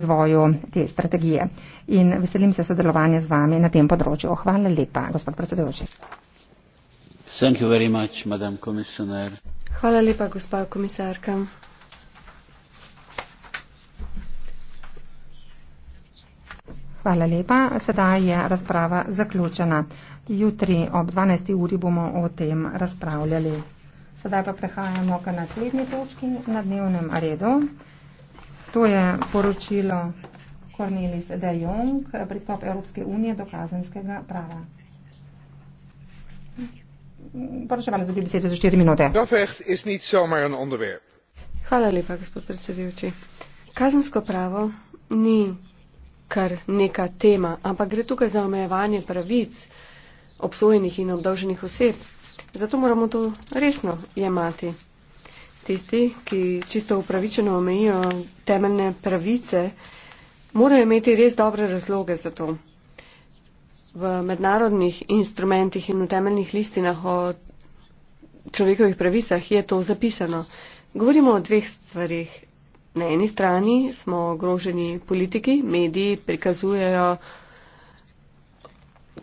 razvoju te strategije. In veselim se sodelovanja z vami na tem področju. Hvala lepa, gospod predsedujoči. Hvala lepa, gospa komisarka. Hvala lepa. Sedaj je razprava zaključena. Jutri ob 12. uri bomo o tem razpravljali. Sedaj pa prehajamo k naslednji točki na dnevnem redu to je poročilo Cornelis de Jong, pristop Evropske unije do kazenskega prava. Poročevala za BBC za 4 minute. Strafrecht is niet zomaar een onderwerp. Hvala lepa, gospod predsedujoči. Kazensko pravo ni kar neka tema, ampak gre tukaj za omejevanje pravic obsojenih in obdolženih oseb. Zato moramo to resno jemati tisti, ki čisto upravičeno omejijo temeljne pravice, morajo imeti res dobre razloge za to. V mednarodnih instrumentih in v temeljnih listinah o človekovih pravicah je to zapisano. Govorimo o dveh stvarih. Na eni strani smo ogroženi politiki, mediji prikazujejo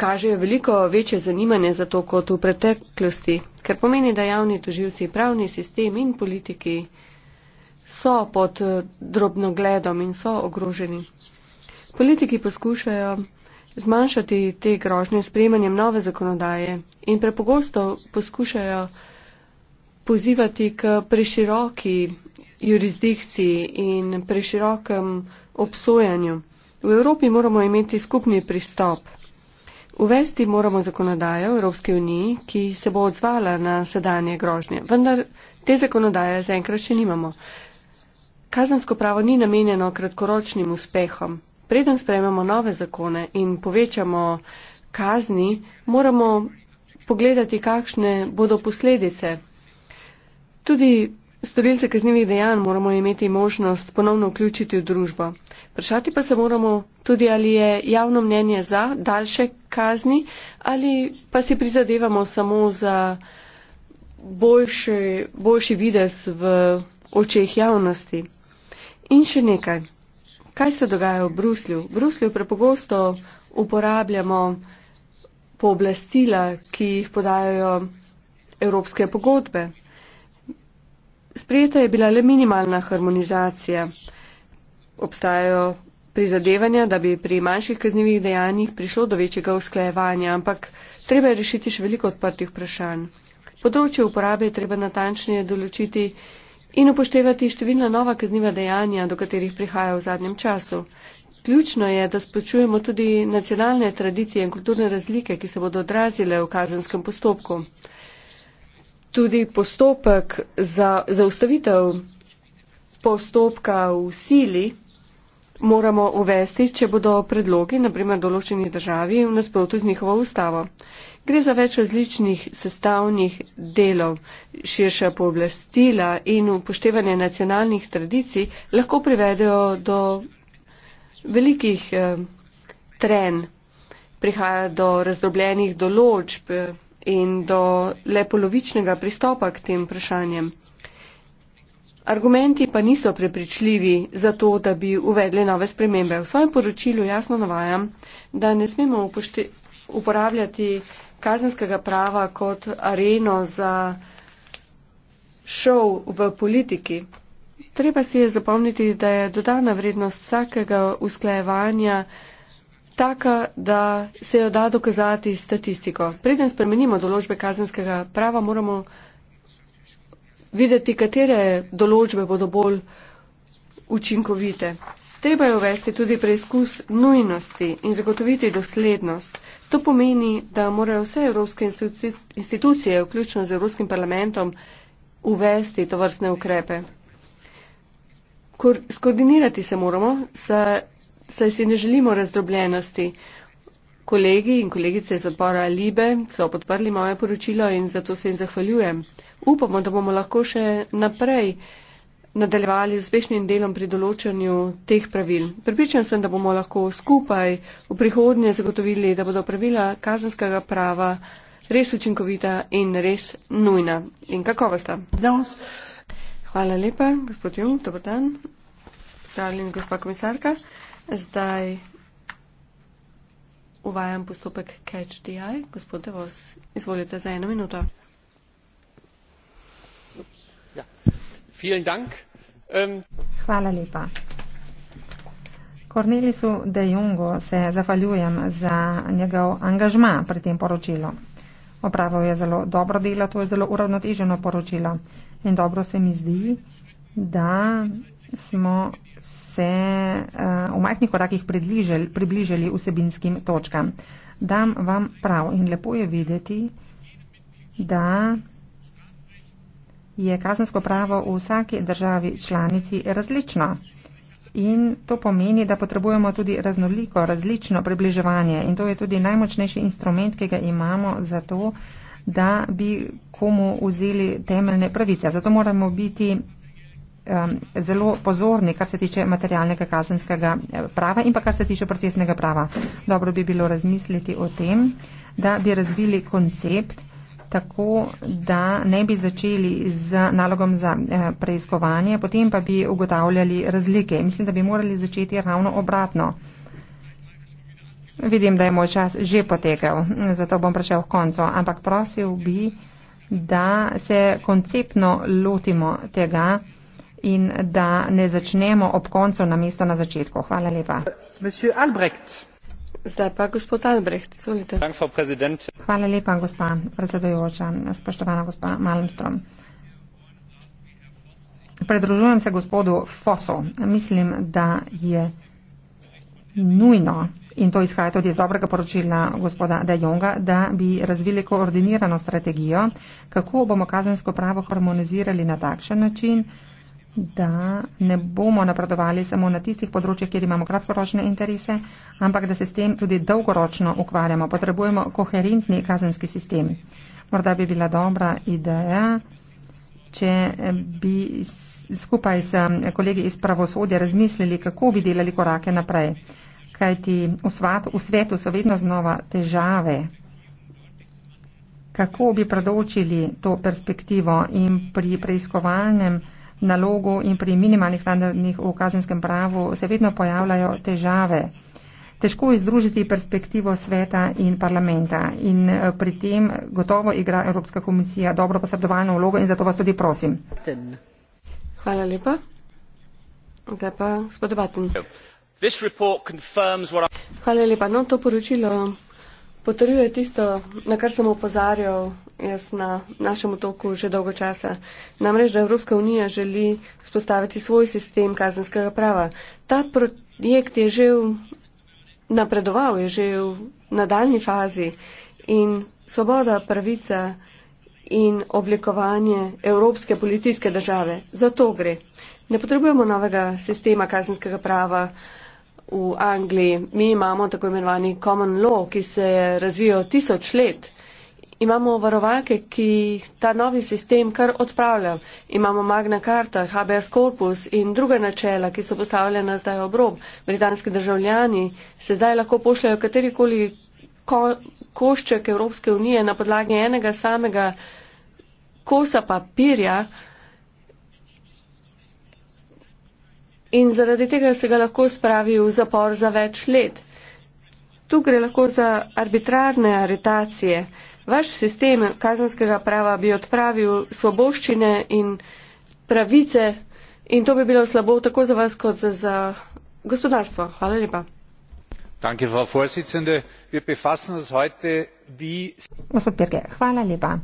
kažejo veliko večje zanimanje za to kot v preteklosti, ker pomeni, da javni toživci, pravni sistem in politiki so pod eh, drobnogledom in so ogroženi. Politiki poskušajo zmanjšati te grožnje s prejemanjem nove zakonodaje in prepogosto poskušajo pozivati k preširoki jurisdikciji in preširokem obsojanju. V Evropi moramo imeti skupni pristop. Uvesti moramo zakonodajo v Evropski uniji, ki se bo odzvala na sedanje grožnje. Vendar te zakonodaje zaenkrat še nimamo. Kazansko pravo ni namenjeno kratkoročnim uspehom. Preden sprejmemo nove zakone in povečamo kazni, moramo pogledati, kakšne bodo posledice. Tudi Storilce kaznjivih dejanj moramo imeti možnost ponovno vključiti v družbo. Vprašati pa se moramo tudi, ali je javno mnenje za daljše kazni ali pa si prizadevamo samo za boljši, boljši vides v očeh javnosti. In še nekaj. Kaj se dogaja v Bruslju? V Bruslju prepogosto uporabljamo pooblastila, ki jih podajajo evropske pogodbe. Sprejeta je bila le minimalna harmonizacija. Obstajajo prizadevanja, da bi pri manjših kaznjivih dejanjih prišlo do večjega usklajevanja, ampak treba je rešiti še veliko odprtih vprašanj. Področje uporabe je treba natančneje določiti in upoštevati številna nova kazniva dejanja, do katerih prihaja v zadnjem času. Ključno je, da spočujemo tudi nacionalne tradicije in kulturne razlike, ki se bodo odrazile v kazenskem postopku tudi postopek za zaustavitev postopka v sili moramo uvesti, če bodo predlogi, naprimer določeni državi, v nasprotu z njihovo ustavo. Gre za več različnih sestavnih delov. Širša pooblastila in upoštevanje nacionalnih tradicij lahko privedejo do velikih eh, tren. Prihaja do razdobljenih določb. Eh, in do le polovičnega pristopa k tem vprašanjem. Argumenti pa niso prepričljivi za to, da bi uvedli nove spremembe. V svojem poročilu jasno navajam, da ne smemo upošte, uporabljati kazenskega prava kot areno za šov v politiki. Treba si je zapomniti, da je dodana vrednost vsakega usklajevanja taka, da se jo da dokazati statistiko. Preden spremenimo določbe kazenskega prava, moramo videti, katere določbe bodo bolj učinkovite. Treba je uvesti tudi preizkus nujnosti in zagotoviti doslednost. To pomeni, da morajo vse evropske institucije, vključno z Evropskim parlamentom, uvesti to vrstne ukrepe. Skoordinirati se moramo, saj si ne želimo razdrobljenosti. Kolegi in kolegice iz odbora Libe so podprli moje poročilo in zato se jim zahvaljujem. Upamo, da bomo lahko še naprej nadaljevali z uspešnim delom pri določanju teh pravil. Pripričan sem, da bomo lahko skupaj v prihodnje zagotovili, da bodo pravila kazenskega prava res učinkovita in res nujna in kakovosta. Hvala lepa, gospod Jung, dober dan. Pozdravljen, gospa komisarka. Zdaj uvajam postopek Catch DI. Gospod Devos, izvolite za eno minuto. Ja. Ähm, Hvala lepa. Cornelisu de Jongo se zahvaljujem za njegov angažma pri tem poročilu. Opravil je zelo dobro delo, to je zelo uravnoteženo poročilo. In dobro se mi zdi, da smo se eh, v majhnih korakih približali, približali vsebinskim točkam. Dam vam prav in lepo je videti, da je kazensko pravo v vsaki državi članici različno. In to pomeni, da potrebujemo tudi raznoliko, različno približevanje. In to je tudi najmočnejši instrument, ki ga imamo za to, da bi komu vzeli temeljne pravice. Zato moramo biti Um, zelo pozorni, kar se tiče materialnega kazenskega eh, prava in pa kar se tiče procesnega prava. Dobro bi bilo razmisliti o tem, da bi razvili koncept tako, da ne bi začeli z nalogom za eh, preiskovanje, potem pa bi ugotavljali razlike. Mislim, da bi morali začeti ravno obratno. Vidim, da je moj čas že potekel, hm, zato bom prišel v koncu, ampak prosil bi, da se konceptno lotimo tega, in da ne začnemo ob koncu na mesto na začetku. Hvala lepa. Zdaj pa gospod Albrecht, solite. Hvala lepa, gospa predsedujoča, spoštovana gospa Malmström. Predružujem se gospodu Fosu. Mislim, da je nujno, in to izhaja tudi iz dobrega poročila gospoda De Jonga, da bi razvili koordinirano strategijo, kako bomo kazensko pravo harmonizirali na takšen način, da ne bomo napredovali samo na tistih področjih, kjer imamo kratkoročne interese, ampak da se s tem tudi dolgoročno ukvarjamo. Potrebujemo koherentni kazenski sistem. Morda bi bila dobra ideja, če bi skupaj s um, kolegi iz pravosodja razmislili, kako bi delali korake naprej. Kajti v, svat, v svetu so vedno znova težave. Kako bi predočili to perspektivo in pri preiskovalnem nalogu in pri minimalnih standardih v kazenskem pravu se vedno pojavljajo težave. Težko je združiti perspektivo sveta in parlamenta in eh, pri tem gotovo igra Evropska komisija dobro posredovalno vlogo in zato vas tudi prosim. Hvala lepa. Zdaj pa gospod Batten. Hvala lepa. No, to poročilo potrjuje tisto, na kar sem opozarjal jaz na našem otoku že dolgo časa. Namreč, da Evropska unija želi spostaviti svoj sistem kazenskega prava. Ta projekt je že napredoval, je že v nadaljni fazi in svoboda, pravica in oblikovanje evropske policijske države. Za to gre. Ne potrebujemo novega sistema kazenskega prava. Uh, v Angliji. Mi imamo tako imenovani common law, ki se je razvijal tisoč let. Imamo varovake, ki ta novi sistem kar odpravlja. Imamo Magna Carta, HBS Corpus in druga načela, ki so postavljena zdaj ob rob. Britanski državljani se zdaj lahko pošljajo katerikoli ko košček Evropske unije na podlagi enega samega kosa papirja, in zaradi tega se ga lahko spravi v zapor za več let. Tu gre lahko za arbitrarne aretacije. Vaš sistem kazanskega prava bi odpravil svoboščine in pravice in to bi bilo slabo tako za vas kot za gospodarstvo. Hvala lepa. Danke, Hvala lepa.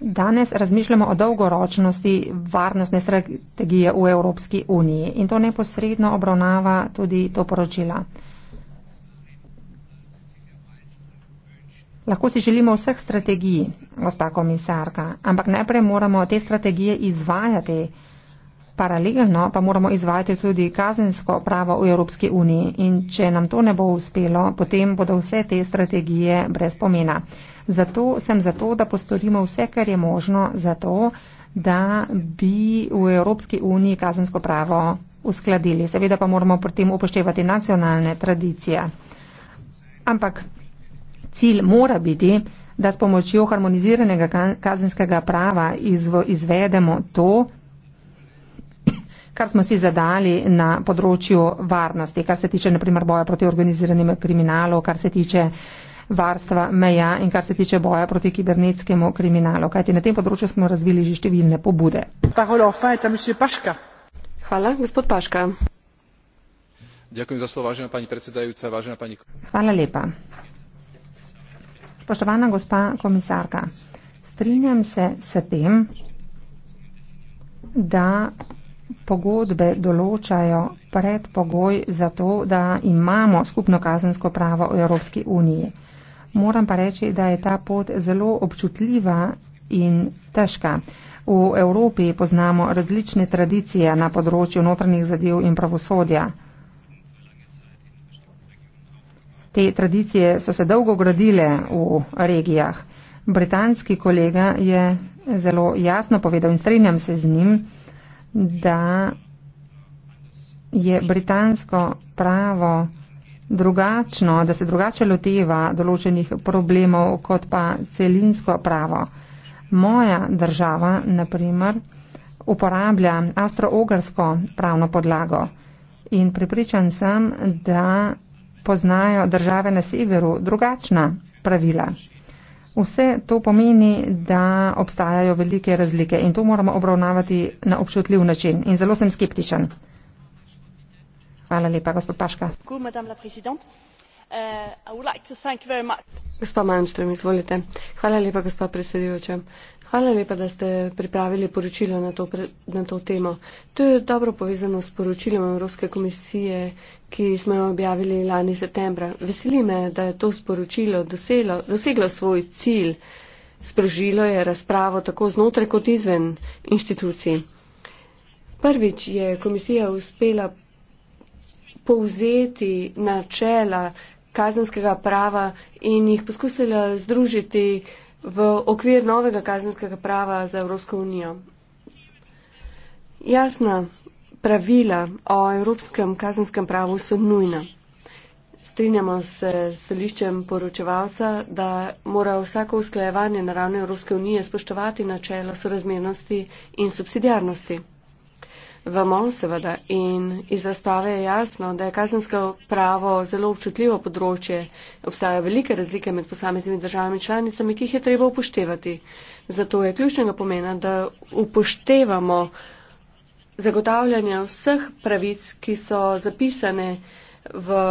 Danes razmišljamo o dolgoročnosti varnostne strategije v Evropski uniji in to neposredno obravnava tudi to poročilo. Lahko si želimo vseh strategij, gospa komisarka, ampak najprej moramo te strategije izvajati paralelno pa moramo izvajati tudi kazensko pravo v Evropski uniji in če nam to ne bo uspelo, potem bodo vse te strategije brez pomena. Zato sem zato, da postorimo vse, kar je možno za to, da bi v Evropski uniji kazensko pravo uskladili. Seveda pa moramo pri tem upoštevati nacionalne tradicije. Ampak cilj mora biti, da s pomočjo harmoniziranega kazenskega prava izvedemo to, kar smo si zadali na področju varnosti, kar se tiče naprimer boja proti organiziranim kriminalom, kar se tiče varstva meja in kar se tiče boja proti kibernetskemu kriminalu, kajti na tem področju smo razvili že številne pobude. Hvala, gospod Paška. Ďakujem za slovo, vážená pani predsedajúca, vážená pani. Hvala lepa. Spoštovana gospa komisarka, strinjam se s tem, da pogodbe določajo predpogoj za to, da imamo skupno kazensko pravo v Evropski uniji. Moram pa reči, da je ta pot zelo občutljiva in težka. V Evropi poznamo različne tradicije na področju notranjih zadev in pravosodja. Te tradicije so se dolgo gradile v regijah. Britanski kolega je zelo jasno povedal in strinjam se z njim, da je britansko pravo drugačno, da se drugače loteva določenih problemov kot pa celinsko pravo. Moja država, naprimer, uporablja avstro-ogarsko pravno podlago in pripričan sem, da poznajo države na severu drugačna pravila. Vse to pomeni, da obstajajo velike razlike in to moramo obravnavati na občutljiv način. In zelo sem skeptičen. Hvala lepa, gospod Paška. Cool, Uh, Hvala lepa, gospa predsedujoča. Hvala lepa, da ste pripravili poročilo na to, na to temo. To je dobro povezano s poročilom Evropske komisije, ki smo jo objavili lani septembra. Veseli me, da je to sporočilo doselo, doseglo svoj cilj. Sprožilo je razpravo tako znotraj kot izven inštitucij. Prvič je komisija uspela povzeti načela kazenskega prava in jih poskusila združiti v okvir novega kazenskega prava za Evropsko unijo. Jasna pravila o evropskem kazenskem pravu so nujna. Strinjamo se s stališčem poročevalca, da mora vsako usklajevanje na ravni Evropske unije spoštovati načelo sorazmernosti in subsidijarnosti. Vemo seveda in iz razprave je jasno, da je kazensko pravo zelo občutljivo področje. Obstajajo velike razlike med posameznimi državami članicami, ki jih je treba upoštevati. Zato je ključnega pomena, da upoštevamo zagotavljanje vseh pravic, ki so zapisane v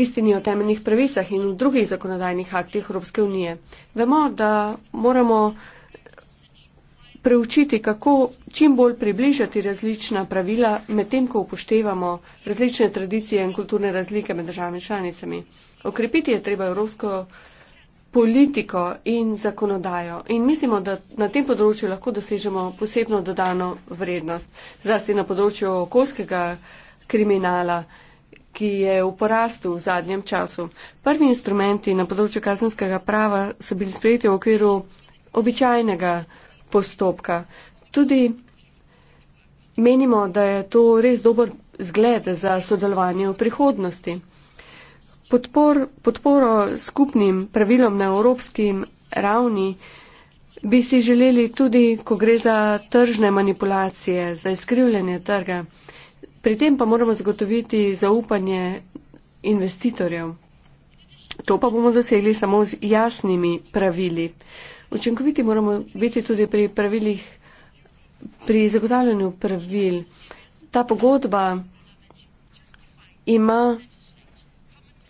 listini o temeljnih pravicah in v drugih zakonodajnih aktih Evropske unije. Vemo, da moramo preučiti, kako čim bolj približati različna pravila, medtem ko upoštevamo različne tradicije in kulturne razlike med državami članicami. Okrepiti je treba evropsko politiko in zakonodajo in mislimo, da na tem področju lahko dosežemo posebno dodano vrednost, zlasti na področju okoljskega kriminala ki je v porastu v zadnjem času. Prvi instrumenti na področju kazenskega prava so bili sprejeti v okviru običajnega postopka. Tudi menimo, da je to res dober zgled za sodelovanje v prihodnosti. Podpor, podporo skupnim pravilom na evropskim ravni bi si želeli tudi, ko gre za tržne manipulacije, za izkrivljanje trga. Pri tem pa moramo zagotoviti zaupanje investitorjev. To pa bomo dosegli samo z jasnimi pravili učinkoviti moramo biti tudi pri pravilih, pri zagotavljanju pravil. Ta pogodba ima,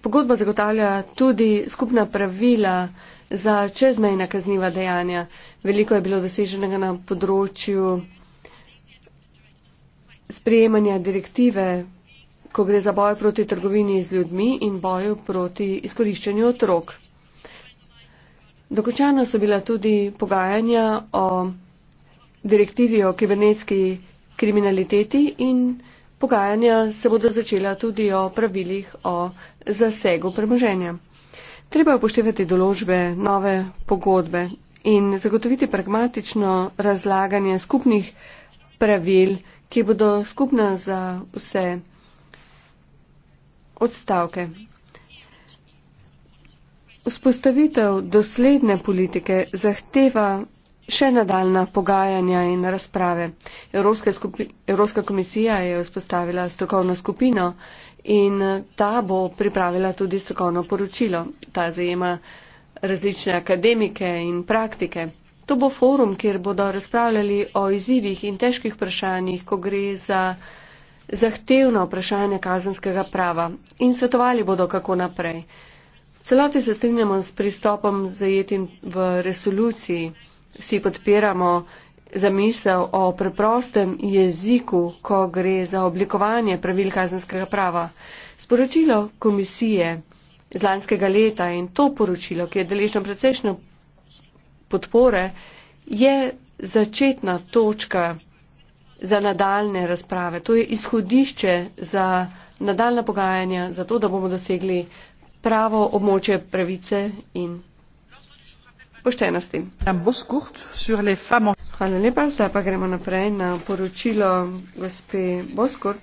pogodba zagotavlja tudi skupna pravila za čezmejna kazniva dejanja. Veliko je bilo doseženega na področju sprejemanja direktive, ko gre za boj proti trgovini z ljudmi in boju proti izkoriščanju otrok. Dokončana so bila tudi pogajanja o direktivi o kibernetski kriminaliteti in pogajanja se bodo začela tudi o pravilih o zasegu premoženja. Treba je upoštevati določbe nove pogodbe in zagotoviti pragmatično razlaganje skupnih pravil, ki bodo skupna za vse odstavke. Vzpostavitev dosledne politike zahteva še nadaljna pogajanja in razprave. Evropska, skupi, Evropska komisija je vzpostavila strokovno skupino in ta bo pripravila tudi strokovno poročilo. Ta zajema različne akademike in praktike. To bo forum, kjer bodo razpravljali o izzivih in težkih vprašanjih, ko gre za zahtevno vprašanje kazenskega prava in svetovali bodo, kako naprej celoti se strinjamo s pristopom zajetim v resoluciji. Vsi podpiramo zamisel o preprostem jeziku, ko gre za oblikovanje pravil kazenskega prava. Sporočilo komisije z lanskega leta in to poročilo, ki je deležno precejšnjo podpore, je začetna točka za nadaljne razprave. To je izhodišče za nadaljna pogajanja, zato da bomo dosegli pravo območje pravice in poštenosti. Hvala lepa, zdaj pa gremo naprej na poročilo gospe Boskurt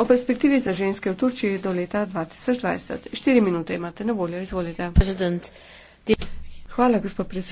o perspektivi za ženske v Turčiji do leta 2020. Štiri minute imate na voljo, izvolite. Hvala, gospod predsednik.